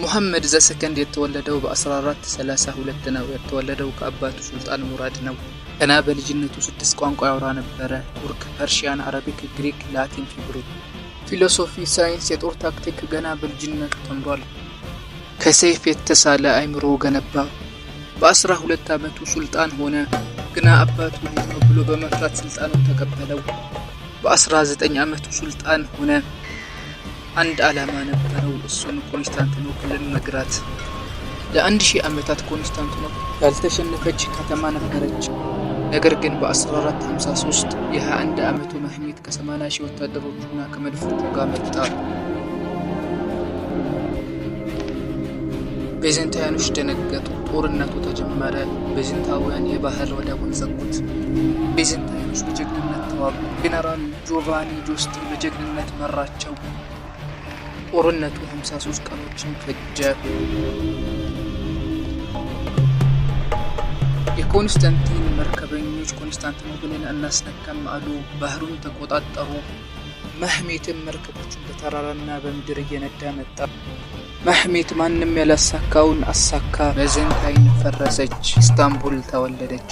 ሙሐመድ ዘሰከንድ የተወለደው በ1432 ነው። የተወለደው ከአባቱ ሱልጣን ሙራድ ነው። ገና በልጅነቱ ስድስት ቋንቋ ያወራ ነበረ። ቱርክ፣ ፐርሺያን፣ አረቢክ፣ ግሪክ፣ ላቲን፣ ሂብሩ። ፊሎሶፊ፣ ሳይንስ፣ የጦር ታክቲክ ገና በልጅነቱ ተምሯል። ከሰይፍ የተሳለ አይምሮ ገነባ። በ በ12 ዓመቱ ሱልጣን ሆነ። ግና አባቱ ልጅ ነው ብሎ በመፍራት ስልጣኑን ተቀበለው። በ በ19 ዓመቱ ሱልጣን ሆነ። አንድ ዓላማ ነበረው፣ እሱን ኮንስታንቲኖፕልን መግራት። ለአንድ ሺህ ዓመታት ኮንስታንቲኖፕል ያልተሸነፈች ከተማ ነበረች። ነገር ግን በ1453 የ21 ዓመቱ መህሜት ከ80 ሺህ ወታደሮቹና ከመድፎቹ ጋር መጣ። ቤዘንታውያኖች ደነገጡ። ጦርነቱ ተጀመረ። ቤዘንታውያን የባህር ወደቡን ዘጉት። ቤዘንታውያኖች በጀግንነት ተዋጉ። ጄኔራል ጆቫኒ ጆስቲን በጀግንነት መራቸው። ጦርነቱ 53 ቀኖችን ፈጀ። የኮንስታንቲን መርከበኞች ኮንስታንቲኖፕልን እናስነካም አሉ። ባህሩን ተቆጣጠሩ። መህሜትም መርከቦችን በተራራና በምድር እየነዳ መጣ። መህሜት ማንም ያላሳካውን አሳካ። መዘንታይን ፈረሰች። ኢስታንቡል ተወለደች።